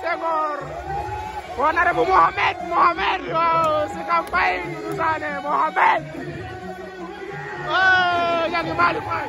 Senghor honorable Mohamed Mohamed waaw si campagne Dousané Mohamed oh yàgg Malick Faye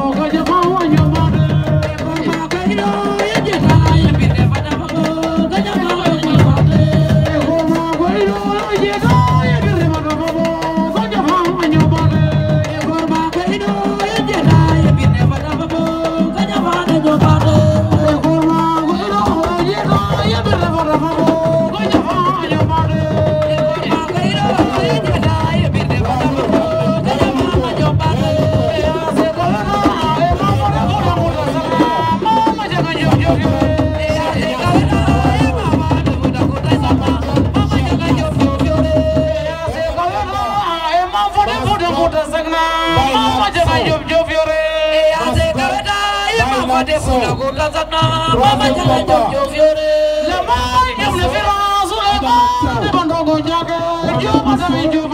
Monaco Casablanca Mama Jalle Diop Diop Fiore la maay def na violence Bandongo Ndiaga Diop Massabi Diop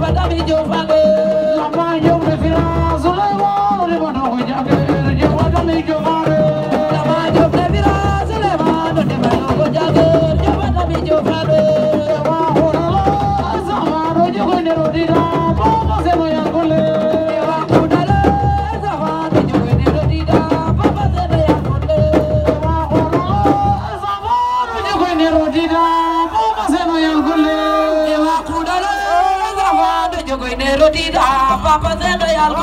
bàtà mi jò fagbé. vida, papá de algo.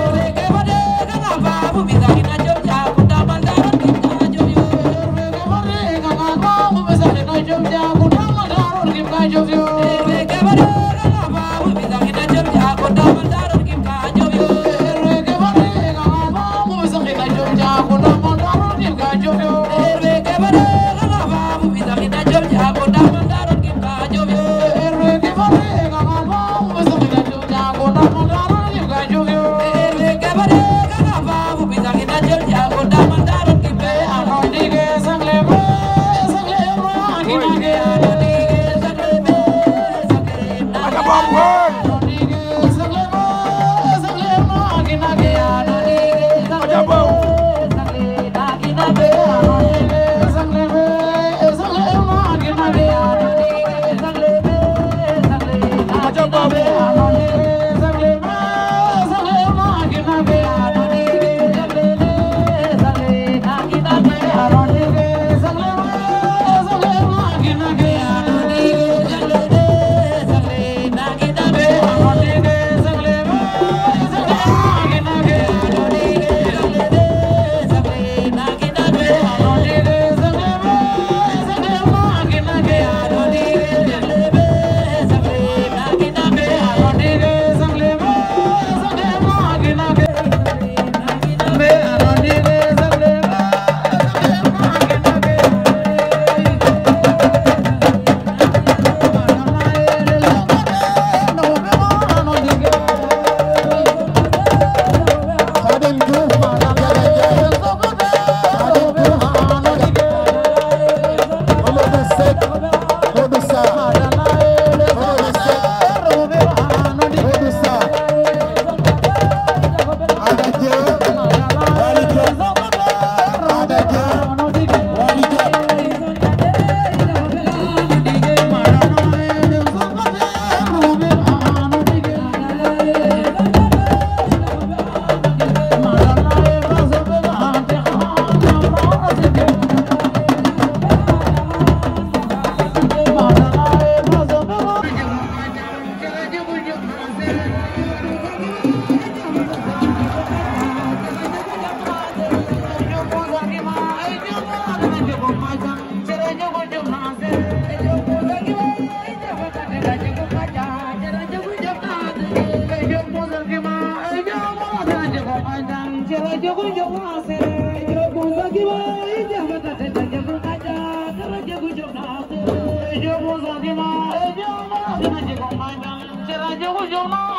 Yo muzo dima, yo muzo dima, yo muzo dima, yo muzo dima,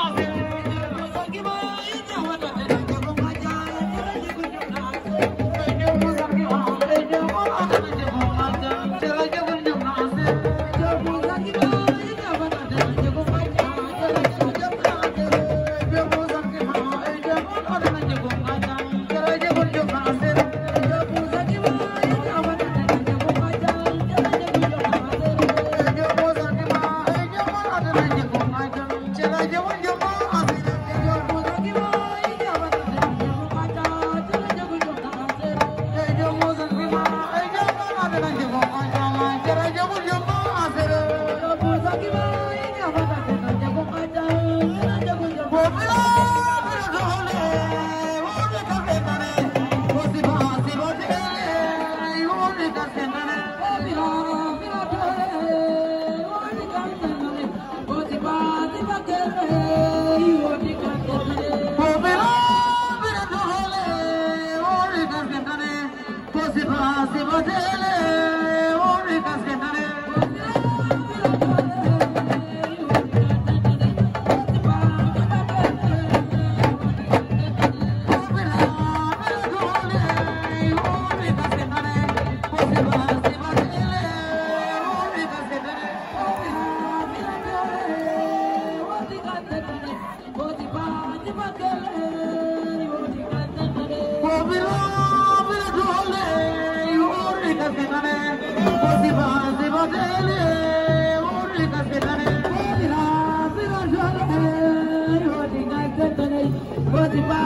everybody.